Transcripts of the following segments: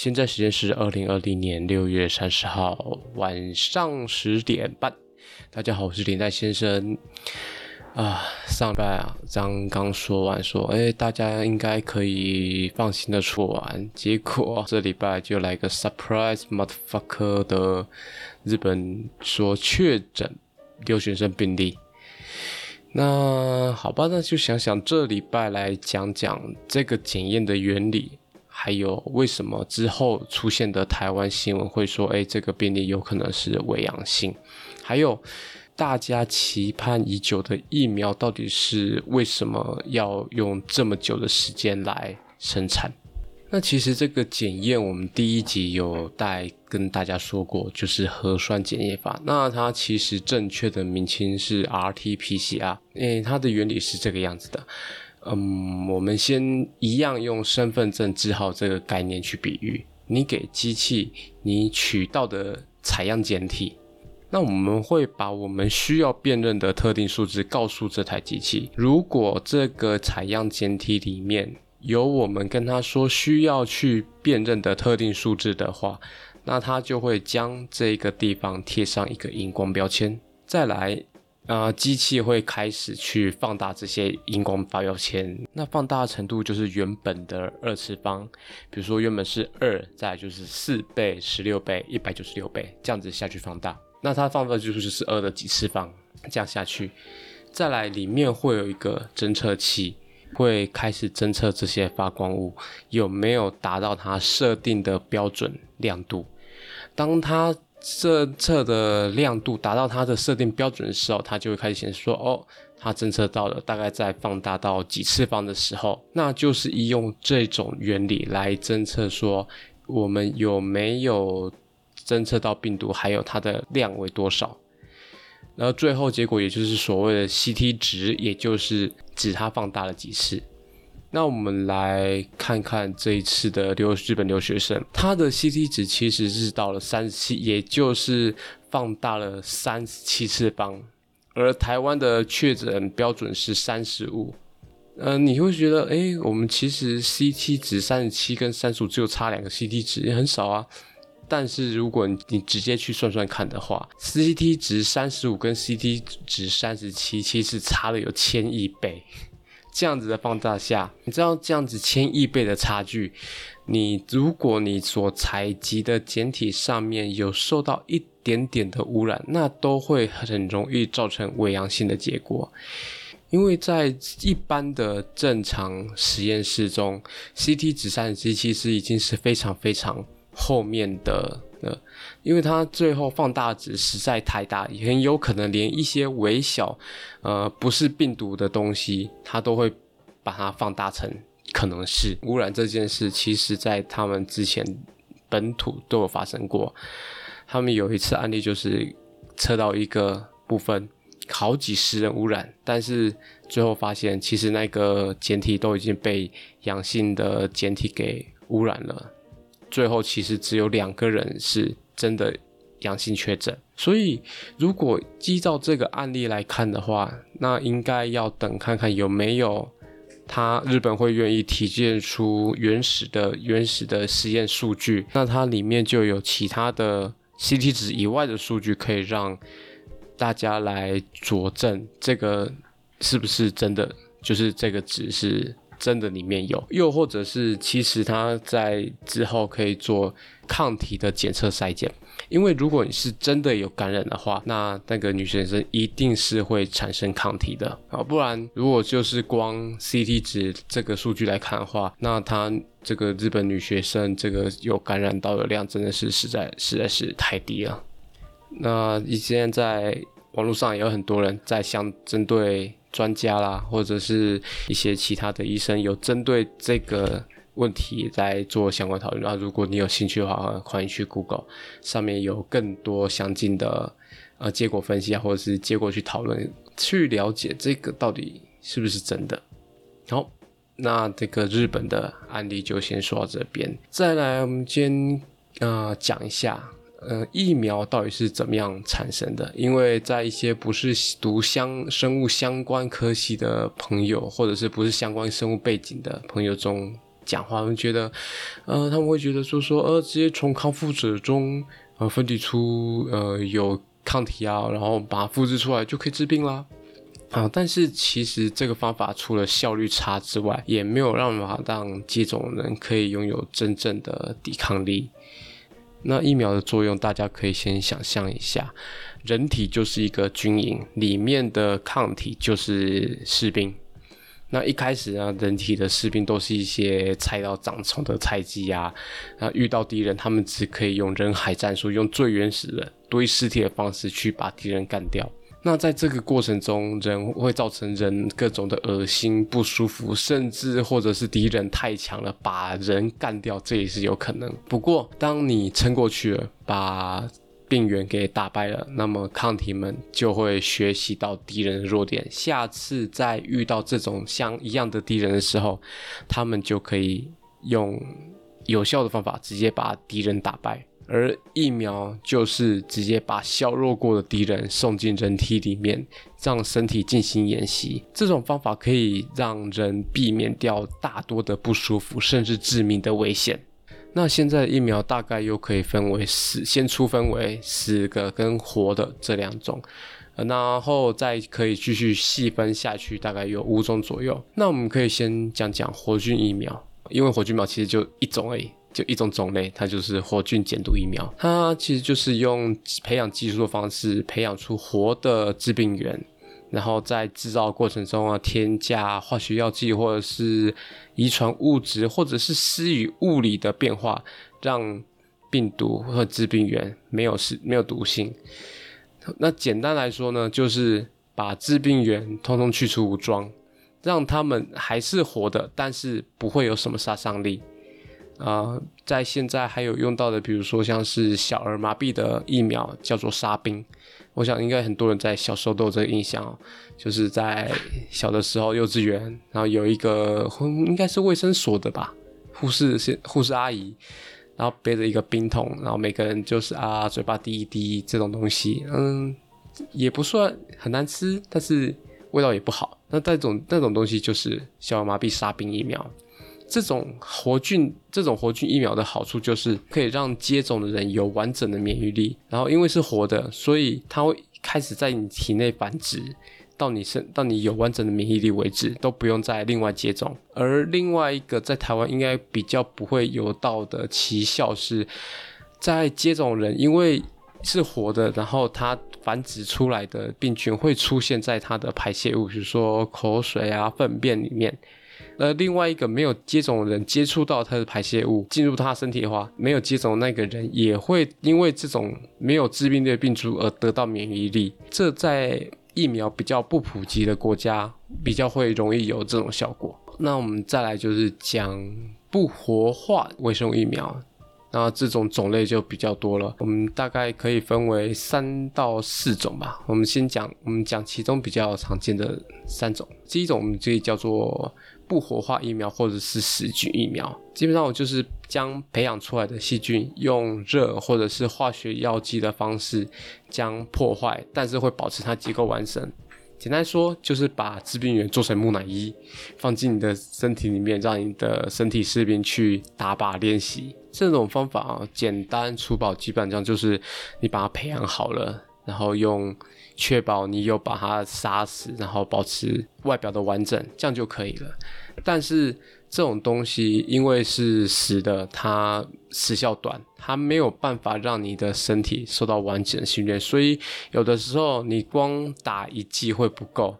現在時間是二零二零年六月三十號晚上十點半。大家好，我是林黛先生。啊，上禮拜啊，剛剛說完說，哎，大家應該可以放心的做完。結果這禮拜就來個 surprise，motherfucker 的日本說確診留學生病例。那好吧，那就想想這禮拜來講講這個檢驗的原理。還有為什麼之後出現的台灣新聞會說，哎、欸，這個病例，有可能是偽陽性？還有大家期盼已久的疫苗到底是為什麼要用這麼久的時間來生產？那其實這個檢驗，我們第一集有帶跟大家說過，就是核酸檢驗法。那它其實正確的名稱是 RT-PCR，誒、欸、它的原理是這個樣子的。嗯，我們先一樣用身份證字號這個概念去比喻，你給機器你取到的採樣檢體，那我們會把我們需要辨認的特定數字告訴這台機器，如果這個採樣檢體裡面有我們跟它說需要去辨認的特定數字的話，那它就會將這個地方貼上一個熒光標籤，再來。啊、呃，機器會開始去放大這些熒光發標籤，那放大的程度就是原本的二次方，比如說原本是二，再來就是四倍、十六倍、一百九十六倍，這樣子下去放大，那它放大的技術就是二的幾次方，這樣下去，再來裡面會有一個偵測器，會開始偵測這些發光物有沒有達到它設定的標準亮度，當它。這偵測的亮度達到它的設定標準的時候，它就會開始顯示說，哦，它偵測到了，大概在放大到幾次方的時候，那就是利用這種原理來偵測說，我們有沒有偵測到病毒，還有它的量為多少，然後最後結果也就是所謂的 CT 值，也就是指它放大了幾次。那我們來看看這一次的留日本留學生，他的 CT 值其實是到了三十七，也就是放大了三十七次方，而台灣的確診標準是三十五。嗯、呃，你會覺得，哎，我們其實 CT 值三十七跟三十五只有差兩個 CT 值，也很少啊。但是如果你你直接去算算看的話，CT 值三十五跟 CT 值三十七，其實差了有千億倍。這樣子的放大下，你知道這樣子千億倍的差距，你如果你所採集的檢體上面有受到一點點的污染，那都會很容易造成偽陽性的結果，因為在一般的正常實驗室中，CT 值三十七其實已經是非常非常後面的。呃，因為它最後放大值，實在太大，很有可能連一些微小，呃，不是病毒的東西，它都會把它放大成可能是污染這件事。其實，在他們之前本土都有發生過，他們有一次案例就是測到一個部分好幾十人污染，但是最後發現其實那個檢體都已經被陽性的檢體給污染了。最後其實只有兩個人是真的陽性確診，所以如果依照這個案例來看的話，那應該要等看看有沒有他日本會願意提薦出原始的原始的實驗數據，那它裡面就有其他的 CT 值以外的數據可以讓大家來佐證這個是不是真的，就是這個值是。真的裡面有，又或者是其實他在之後可以做抗體的檢測篩檢，因為如果你是真的有感染的話，那那個女學生一定是會產生抗體的啊，不然如果就是光 CT 值這個數據來看的話，那她這個日本女學生這個有感染到的量真的是實在實在是太低了。那現在在網絡上也有很多人在相針對，專家啦，或者是一些其他的醫生有針對這個問題在做相關討論。那如果你有興趣的話，歡迎去 Google 上面有更多詳盡的呃結果分析啊，或者是結果去討論，去了解這個到底是不是真的。好，那這個日本的案例就先說到這邊，再來我們今天啊呃，講一下。呃，疫苗到底是怎麼樣產生的？因為在一些不是讀相生物相關科系的朋友，或者是不是相關生物背景的朋友中講話，他們覺得，呃，他們會覺得說說，呃，直接從康復者中呃分離出呃有抗體啊，然後把它複製出來就可以治病啦，啊、呃，但是其實這個方法除了效率差之外，也沒有辦法讓馬當接種人可以擁有真正的抵抗力。那疫苗的作用，大家可以先想象一下，人體就是一個軍營，裡面的抗體就是士兵。那一開始呢，人體的士兵都是一些菜到長蟲的菜雞啊，那遇到敵人，他們只可以用人海戰術，用最原始的堆屍體的方式去把敵人幹掉。那在這個過程中，人會造成人各種的噁心、不舒服，甚至或者是敵人太強了，把人幹掉，這也是有可能。不過，當你撐過去了，把病原給打敗了，那麼抗體們就會學習到敵人的弱點，下次再遇到這種像一樣的敵人的時候，他們就可以用有效的方法直接把敵人打敗。而疫苗就是直接把削弱過的敵人送進人體裡面，讓身體進行演習。這種方法可以讓人避免掉大多的不舒服，甚至致命的危險。那現在疫苗大概又可以分為死，先粗分為死的跟活的這兩種，然後再可以繼續細分下去，大概有五種左右。那我們可以先講講活菌疫苗，因為活菌苗其實就一種而已。就一種種類，它就是活菌減毒疫苗。它其實就是用培養技術的方式培養出活的致病源，然後在製造過程中啊，添加化學藥劑或者是遺傳物質，或者是施以物理的變化，讓病毒或致病源沒有是沒有毒性。那簡單來說呢，就是把致病源通通去除武裝，讓他們還是活的，但是不會有什麼殺傷力。啊、呃，在現在還有用到的，比如說像是小兒麻痹的疫苗，叫做沙賓。我想應該很多人在小時候都有這個印象哦，就是在小的時候幼稚園，然後有一個應該是衛生所的吧，護士是護士阿姨，然後背着一個冰桶，然後每個人就是啊嘴巴滴一滴這種東西，嗯，也不算很難吃，但是味道也不好。那那種那種東西就是小兒麻痹沙賓疫苗。這種活菌，這種活菌疫苗的好處就是可以讓接種的人有完整的免疫力。然後因為是活的，所以它會開始在你體內繁殖，到你身，到你有完整的免疫力為止，都不用再另外接種。而另外一個在台灣應該比較不會有到的奇效是，在接種人因為是活的，然後它繁殖出來的病菌會出現在它的排泄物，比如說口水啊、糞便裡面。而另外一個沒有接種的人接觸到他的排泄物，進入他身體的話，沒有接種的那個人也會因為這種沒有致病的病毒而得到免疫力。這在疫苗比較不普及的國家比較會容易有這種效果。那我們再來就是講不活化微生物疫苗，那這種種類就比較多了。我們大概可以分為三到四種吧。我們先講，我們講其中比較常見的三種。第一種我們這裡叫做。不活化疫苗或者是死菌疫苗，基本上我就是將培養出來的細菌用熱或者是化學藥劑的方式將破壞，但是會保持它結構完整。簡單說就是把致病源做成木乃伊，放進你的身體裡面，讓你的身體士兵去打靶練習。這種方法啊，簡單粗暴，基本上就是你把它培養好了，然後用。確保你有把它殺死，然後保持外表的完整，這樣就可以了。但是這種東西因為是死的，它時效短，它沒有辦法讓你的身體受到完整的訓練，所以有的時候你光打一劑會不夠，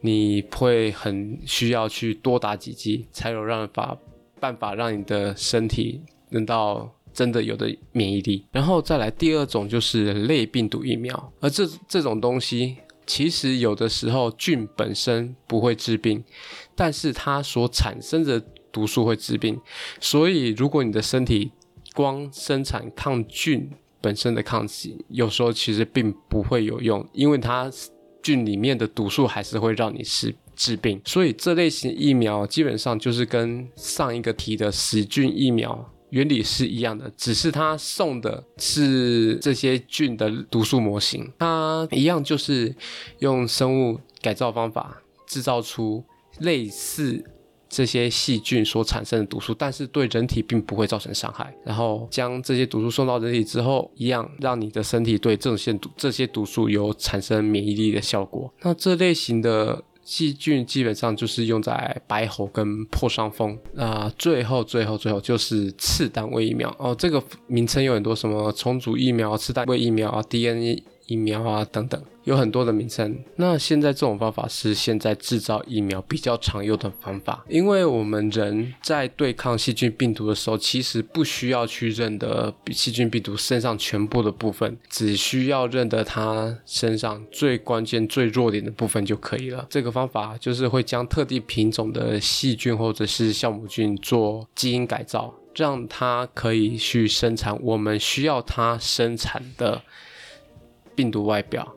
你會很需要去多打幾劑，才有辦法辦法讓你的身體能到，真的有的免疫力，然後再來第二種就是類病毒疫苗，而這這種東西其實有的時候菌本身不會致病，但是它所產生的毒素會致病，所以如果你的身體光生產抗菌本身的抗體，有時候其實並不會有用，因為它菌裡面的毒素還是會讓你是致病，所以這類型疫苗基本上就是跟上一個提的死菌疫苗。原理是一樣的，只是它送的是這些菌的毒素模型，它一樣就是用生物改造方法製造出類似這些細菌所產生的毒素，但是對人體並不會造成傷害。然後將這些毒素送到人體之後，一樣讓你的身體對這種線毒這些毒素有產生免疫力的效果。那這類型的。細菌基本上就是用在白喉跟破傷風。啊、呃，最後最後最後就是次單位疫苗哦，這個名稱有很多，什麼重組疫苗、次單位疫苗啊、DNA。疫苗啊，等等，有很多的名稱。那現在這種方法是現在製造疫苗比較常用的方法，因為我們人在對抗細菌病毒的時候，其實不需要去認得細菌病毒身上全部的部分，只需要認得它身上最關鍵、最弱點的部分就可以了。這個方法就是會將特定品種的細菌或者是酵母菌做基因改造，讓它可以去生產我們需要它生產的，病毒外表，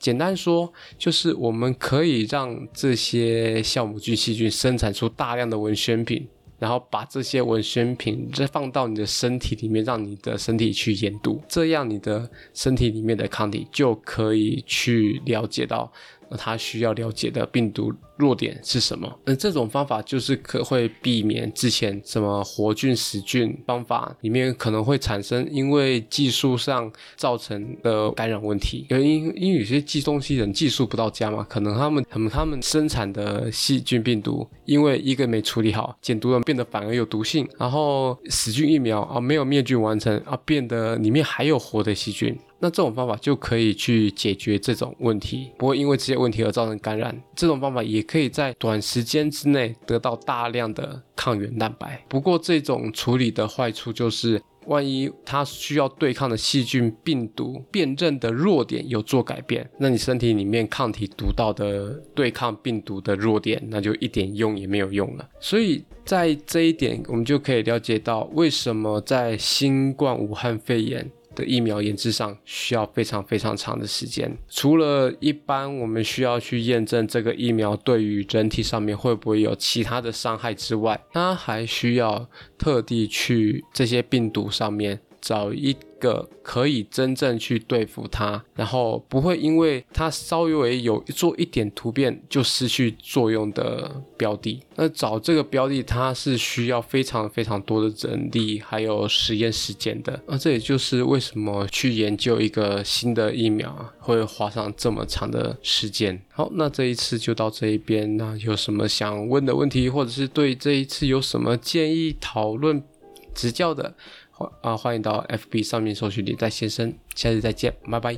簡單說就是我們可以讓這些酵母菌、細菌生產出大量的文宣品，然後把這些文宣品再放到你的身體裡面，讓你的身體去研讀，這樣你的身體裡面的抗體就可以去了解到，它需要了解的病毒。弱點是什麼？那、呃、這種方法就是可會避免之前什麼活菌、死菌方法裡面可能會產生因為技術上造成的感染問題，因為因為有些寄東西人技術不到家嘛，可能他們可能他們生產的細菌病毒因為一個沒處理好，減毒了變得反而有毒性，然後死菌疫苗啊沒有滅菌完成啊變得裡面還有活的細菌，那這種方法就可以去解決這種問題，不會因為這些問題而造成感染。這種方法也。可以在短時間之內得到大量的抗原蛋白。不過，這種處理的壞處就是，萬一它需要對抗的細菌、病毒辨認的弱點有做改變，那你身體裡面抗體讀到的對抗病毒的弱點，那就一點用也沒有用了。所以在這一點，我們就可以了解到為什麼在新冠、武漢肺炎的疫苗研製上需要非常非常長的時間，除了一般我們需要去驗證這個疫苗對於人體上面會不會有其他的傷害之外，它還需要特地去這些病毒上面。找一個可以真正去對付它，然後不會因為它稍微有做一點突變就失去作用的標的。那找這個標的，它是需要非常非常多的人力，還有實驗時間的。那、啊、這也就是為什麼去研究一個新的疫苗、啊、會花上這麼長的時間。好，那這一次就到這一邊。那有什麼想問的問題，或者是對這一次有什麼建議討論、指教的？歡啊，歡迎到 FB 上面搜尋李代先生，下次再見，拜拜。